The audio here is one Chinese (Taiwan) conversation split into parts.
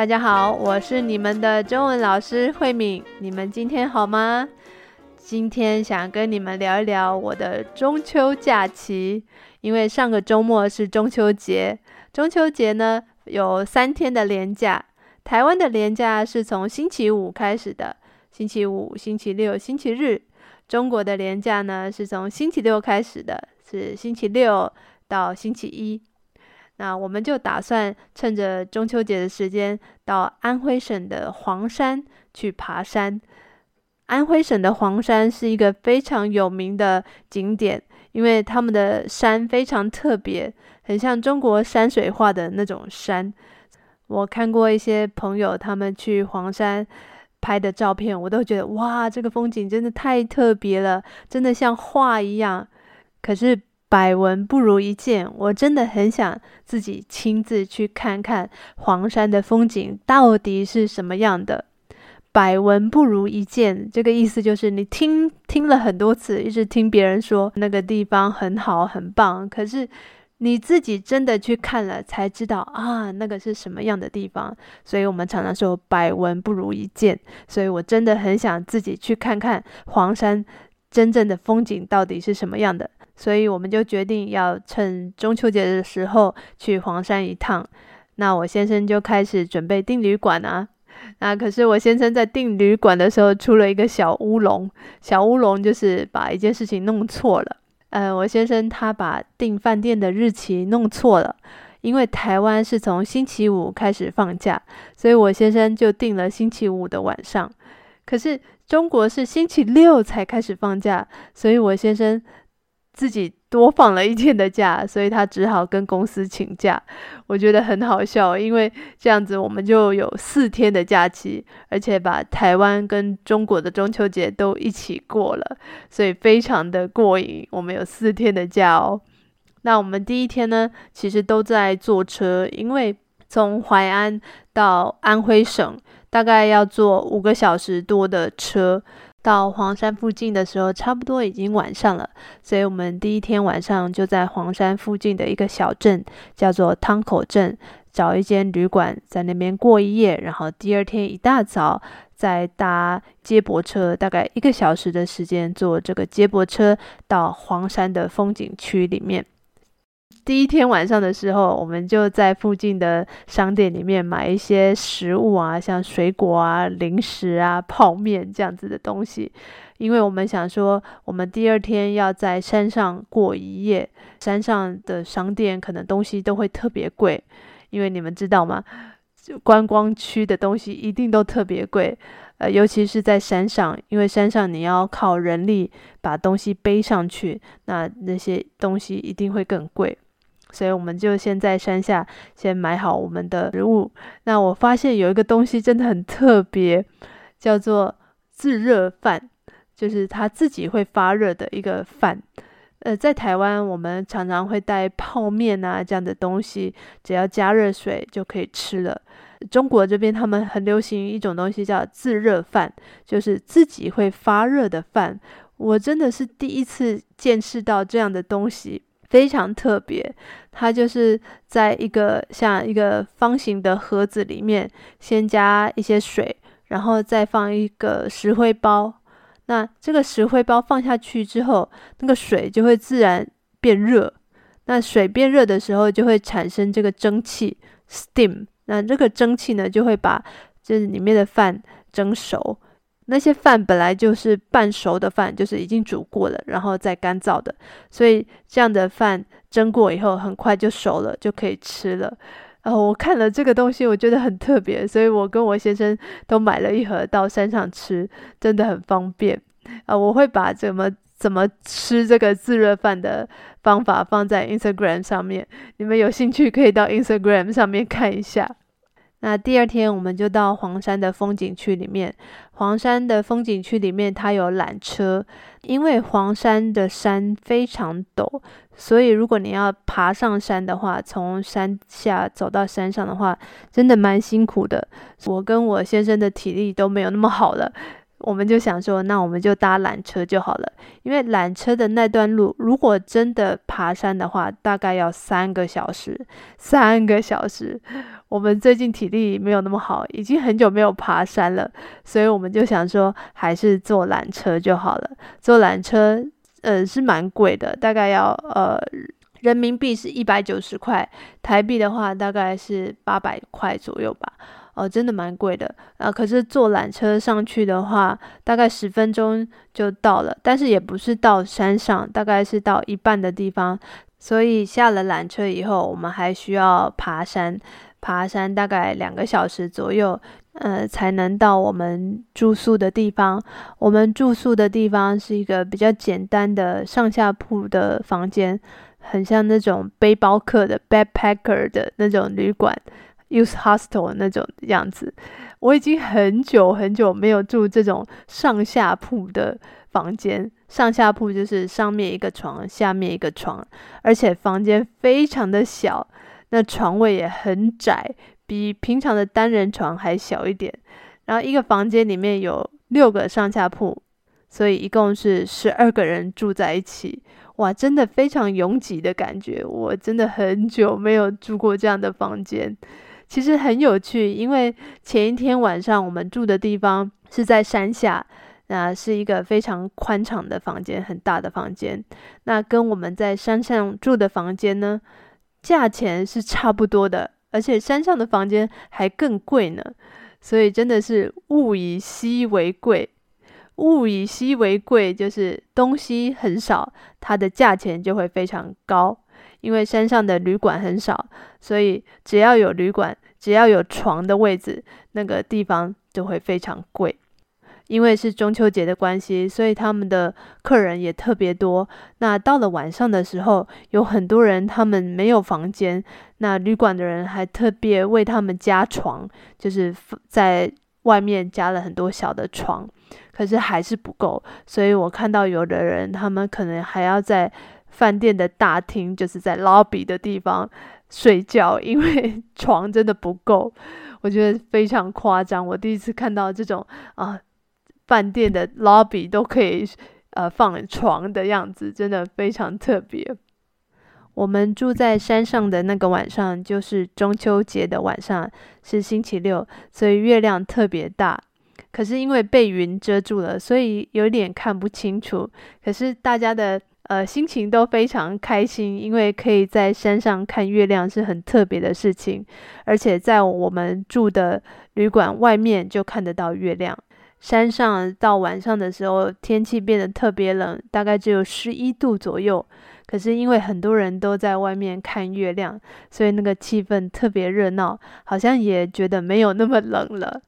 大家好，我是你們的中文老師慧敏。你們今天好嗎？今天想跟你們聊一聊我的中秋假期。因為上個周末是中秋節，中秋節呢有三天的連假。台灣的連假是從星期五開始的，星期五、星期六、星期日。中國的連假呢是從星期六開始的，是星期六到星期一。那我們就打算趁着中秋節的時間，到安徽省的黃山去爬山。安徽省的黃山是一個非常有名的景點，因為他們的山非常特別，很像中國山水畫的那種山。我看過一些朋友他們去黃山拍的照片，我都覺得哇，這個風景真的太特別了，真的像畫一樣。可是。百聞不如一見，我真的很想自己親自去看看黃山的風景到底是什麼樣的。百聞不如一見，這個意思就是你聽聽了很多次，一直聽別人說那個地方很好很棒，可是你自己真的去看了才知道啊，那個是什麼樣的地方。所以我們常常說百聞不如一見，所以我真的很想自己去看看黃山。真正的風景到底是什麼樣的？所以我們就決定要趁中秋節的時候去黃山一趟。那我先生就開始準備訂旅館啊。啊，可是我先生在訂旅館的時候出了一個小烏龍，小烏龍就是把一件事情弄錯了。呃，我先生他把訂飯店的日期弄錯了，因為台灣是從星期五開始放假，所以我先生就訂了星期五的晚上。可是中國是星期六才開始放假，所以我先生自己多放了一天的假，所以他只好跟公司請假。我覺得很好笑，因為這樣子我們就有四天的假期，而且把台灣跟中國的中秋節都一起過了，所以非常的過癮。我們有四天的假哦。那我們第一天呢，其實都在坐車，因為從淮安到安徽省，大概要坐五個小時多的車。到黃山附近的時候，差不多已經晚上了，所以我們第一天晚上就在黃山附近的一個小鎮，叫做湯口鎮，找一間旅館，在那邊過一夜。然後第二天一大早，再搭接駁車，大概一個小時的時間，坐這個接駁車到黃山的風景區裡面。第一天晚上的時候，我們就在附近的商店裡面買一些食物啊，像水果啊、零食啊、泡麵這樣子的東西，因為我們想說，我們第二天要在山上過一夜，山上的商店可能東西都會特別貴，因為你們知道嗎？觀光區的東西一定都特別貴，呃，尤其是在山上，因為山上你要靠人力把東西背上去，那那些東西一定會更貴。所以我們就先在山下先買好我們的食物。那我發現有一個東西真的很特別，叫做自熱飯，就是它自己會發熱的一個飯。呃，在台灣，我們常常會帶泡面啊這樣的東西，只要加熱水就可以吃了。中國這邊他們很流行一種東西叫自熱飯，就是自己會發熱的飯。我真的是第一次見識到這樣的東西，非常特別。它就是在一個像一個方形的盒子裡面，先加一些水，然後再放一個石灰包。那這個石灰包放下去之後，那個水就會自然變熱。那水變熱的時候，就會產生這個蒸汽 （steam）。那這個蒸汽呢，就會把這裡面的飯蒸熟。那些飯本來就是半熟的飯，就是已經煮過了，然後再乾燥的。所以這樣的飯蒸過以後，很快就熟了，就可以吃了。哦、啊，我看了這個東西，我覺得很特別，所以我跟我先生都買了一盒到山上吃，真的很方便。啊，我會把怎麼怎麼吃這個自熱飯的方法放在 Instagram 上面，你們有興趣可以到 Instagram 上面看一下。那第二天，我們就到黃山的風景區裡面。黃山的風景區裡面，它有纜車。因為黃山的山非常陡，所以如果你要爬上山的話，從山下走到山上的話，真的蠻辛苦的。我跟我先生的體力都沒有那麼好了。我們就想說，那我們就搭纜車就好了。因為纜車的那段路，如果真的爬山的話，大概要三個小時。三個小時，我們最近體力沒有那麼好，已經很久沒有爬山了，所以我們就想說，還是坐纜車就好了。坐纜車，呃，是蠻貴的，大概要呃人民幣是一百九十塊，台幣的話大概是八百塊左右吧。哦，真的蠻貴的啊！可是坐纜車上去的話，大概十分鐘就到了，但是也不是到山上，大概是到一半的地方。所以下了纜車以後，我們還需要爬山，爬山大概兩個小時左右，呃，才能到我們住宿的地方。我們住宿的地方是一個比較簡單的上下鋪的房間，很像那種背包客的 backpacker 的那種旅館。use hostel 那種樣子，我已經很久很久沒有住這種上下鋪的房間。上下鋪就是上面一個床，下面一個床，而且房間非常的小，那床位也很窄，比平常的單人床還小一點。然後一個房間裡面有六個上下鋪，所以一共是十二個人住在一起。哇，真的非常擁擠的感覺。我真的很久沒有住過這樣的房間。其實很有趣，因為前一天晚上我們住的地方是在山下，那是一個非常寬敞的房間，很大的房間。那跟我們在山上住的房間呢，價錢是差不多的，而且山上的房間還更貴呢。所以真的是物以稀為貴，物以稀為貴就是東西很少，它的價錢就會非常高。因為山上的旅館很少，所以只要有旅館，只要有床的位置，那個地方就會非常貴。因為是中秋節的關係，所以他們的客人也特別多。那到了晚上的時候，有很多人他們沒有房間，那旅館的人還特別為他們加床，就是在外面加了很多小的床，可是還是不夠。所以我看到有的人他們可能還要在。飯店的大廳，就是在 lobby 的地方睡覺，因為床真的不夠，我覺得非常誇張。我第一次看到這種啊，飯店的 lobby 都可以呃放床的樣子，真的非常特別。我們住在山上的那個晚上，就是中秋節的晚上，是星期六，所以月亮特別大，可是因為被雲遮住了，所以有點看不清楚。可是大家的。呃，心情都非常開心，因為可以在山上看月亮是很特別的事情，而且在我們住的旅館外面就看得到月亮。山上到晚上的時候，天氣變得特別冷，大概只有十一度左右。可是因為很多人都在外面看月亮，所以那個氣氛特別熱鬧，好像也覺得沒有那麼冷了。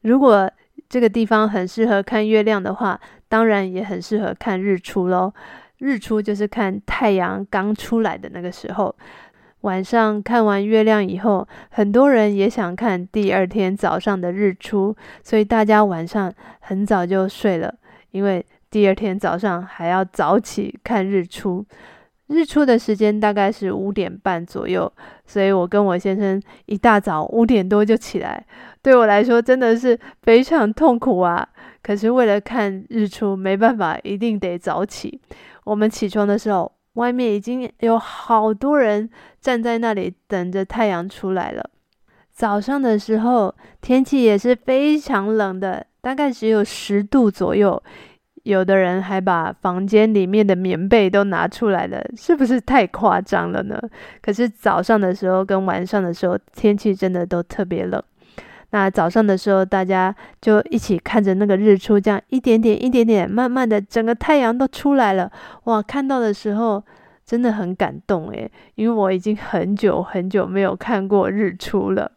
如果這個地方很適合看月亮的話，當然也很適合看日出咯。日出就是看太陽剛出來的那個時候。晚上看完月亮以後，很多人也想看第二天早上的日出，所以大家晚上很早就睡了，因為第二天早上還要早起看日出。日出的時間大概是五點半左右，所以我跟我先生一大早五點多就起來。對我來說，真的是非常痛苦啊！可是為了看日出，沒辦法，一定得早起。我們起床的時候，外面已經有好多人站在那裡等着太陽出來了。早上的時候，天氣也是非常冷的，大概只有十度左右。有的人還把房間裡面的棉被都拿出來了，是不是太誇張了呢？可是早上的時候跟晚上的時候天氣真的都特別冷。那早上的時候，大家就一起看着那個日出，這樣一點點、一點點，慢慢的整個太陽都出來了。哇，看到的時候真的很感動誒，因為我已經很久很久沒有看過日出了。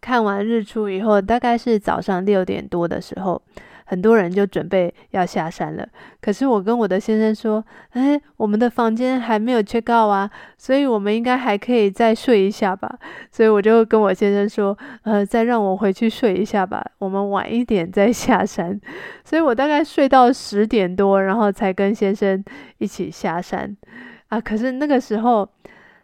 看完日出以後，大概是早上六點多的時候。很多人就準備要下山了，可是我跟我的先生說：“哎、欸，我們的房間還沒有 check out 啊，所以我們應該還可以再睡一下吧。”所以我就跟我先生說：“呃，再讓我回去睡一下吧，我們晚一點再下山。”所以我大概睡到十點多，然後才跟先生一起下山。啊，可是那個時候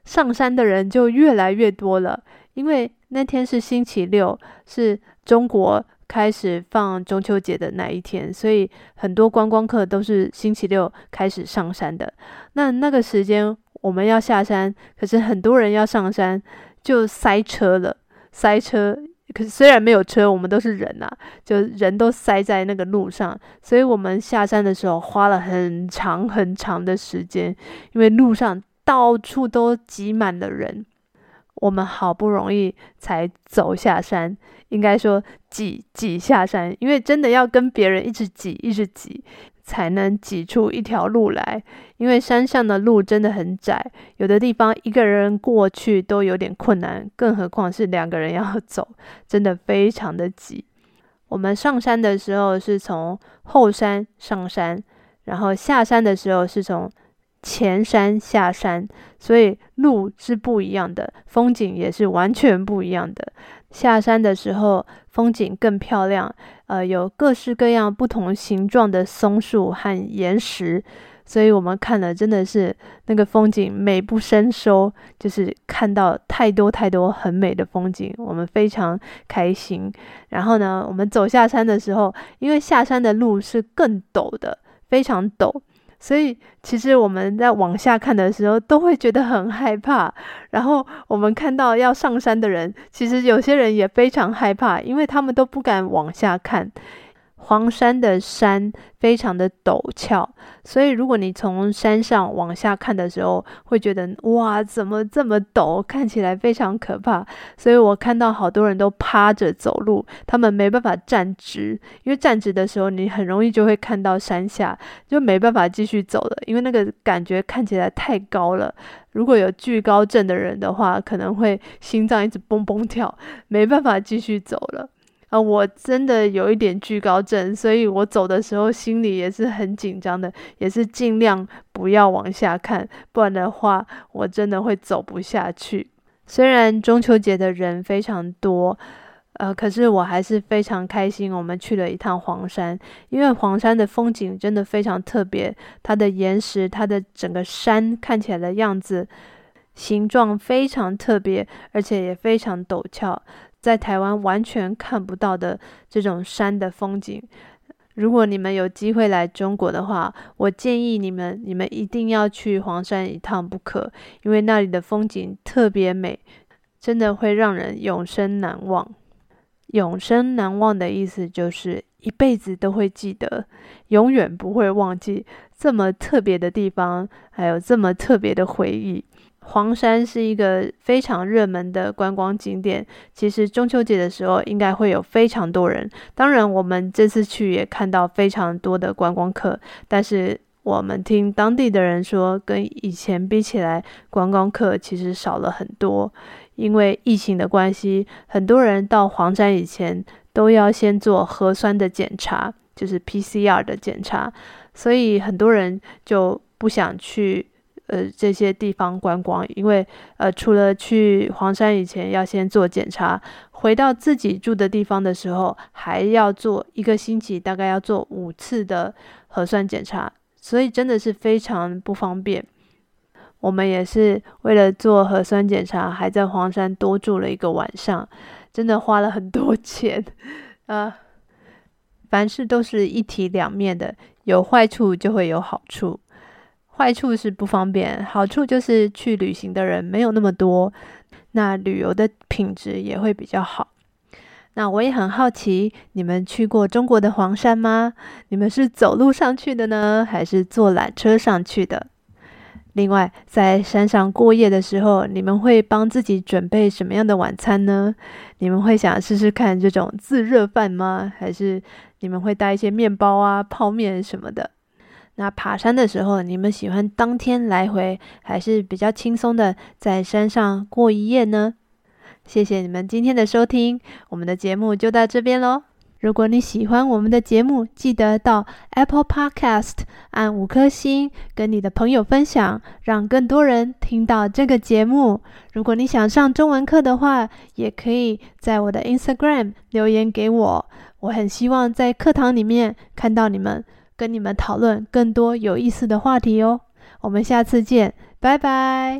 上山的人就越來越多了，因為那天是星期六，是中國。開始放中秋節的那一天，所以很多觀光客都是星期六開始上山的。那那個時間我們要下山，可是很多人要上山，就塞車了。塞車，可是雖然沒有車，我們都是人啊，就人都塞在那個路上。所以我們下山的時候花了很長很長的時間，因為路上到處都擠滿了人。我們好不容易才走下山，應該說擠擠下山，因為真的要跟別人一直擠，一直擠，才能擠出一條路來。因為山上的路真的很窄，有的地方一個人過去都有點困難，更何況是兩個人要走，真的非常的擠。我們上山的時候是從後山上山，然後下山的時候是從。前山下山，所以路是不一樣的，風景也是完全不一樣的。下山的時候，風景更漂亮，呃，有各式各樣不同形狀的松樹和岩石，所以我們看了真的是那個風景美不勝收，就是看到太多太多很美的風景，我們非常開心。然後呢，我們走下山的時候，因為下山的路是更陡的，非常陡。所以，其實我們在往下看的時候，都會覺得很害怕。然後，我們看到要上山的人，其實有些人也非常害怕，因為他們都不敢往下看。黃山的山非常的陡峭，所以如果你從山上往下看的時候，會覺得哇，怎麼這麼陡，看起來非常可怕。所以我看到好多人都趴着走路，他們沒辦法站直，因為站直的時候，你很容易就會看到山下，就沒辦法繼續走了，因為那個感覺看起來太高了。如果有懼高症的人的話，可能會心臟一直蹦蹦跳，沒辦法繼續走了。啊、呃，我真的有一點懼高症，所以我走的時候心裡也是很緊張的，也是盡量不要往下看，不然的話我真的會走不下去。雖然中秋節的人非常多，呃，可是我還是非常開心，我們去了一趟黃山，因為黃山的風景真的非常特別，它的岩石、它的整個山看起來的樣子、形狀非常特別，而且也非常陡峭。在台灣完全看不到的這種山的風景，如果你們有機會來中國的話，我建議你們，你們一定要去黃山一趟不可，因為那裡的風景特別美，真的會讓人永生難忘。永生難忘的意思就是一輩子都會記得，永遠不會忘記這麼特別的地方，還有這麼特別的回憶。黃山是一個非常熱門的觀光景點，其實中秋節的時候應該會有非常多人。當然，我們這次去也看到非常多的觀光客，但是我們聽當地的人說，跟以前比起來，觀光客其實少了很多，因為疫情的關係，很多人到黃山以前都要先做核酸的檢查，就是 PCR 的檢查，所以很多人就不想去。呃，這些地方觀光，因為呃，除了去黃山以前要先做檢查，回到自己住的地方的時候，還要做一個星期，大概要做五次的核酸檢查，所以真的是非常不方便。我們也是為了做核酸檢查，還在黃山多住了一個晚上，真的花了很多錢啊，呃，凡事都是一體兩面的，有壞處就會有好處。壞處是不方便，好處就是去旅行的人沒有那麼多，那旅遊的品質也會比較好。那我也很好奇，你們去過中國的黃山嗎？你們是走路上去的呢，還是坐纜車上去的？另外，在山上過夜的時候，你們會幫自己準備什麼樣的晚餐呢？你們會想試試看這種自熱飯嗎？還是你們會帶一些麵包啊、泡麵什麼的？那爬山的時候，你們喜歡當天來回，還是比較輕鬆的在山上過一夜呢？謝謝你們今天的收聽，我們的節目就到這邊嘍。如果你喜歡我們的節目，記得到 Apple Podcast 按五顆星，跟你的朋友分享，讓更多人聽到這個節目。如果你想上中文課的話，也可以在我的 Instagram 留言給我，我很希望在課堂裡面看到你們。跟你們討論更多有意思的話題哦，我們下次見，拜拜。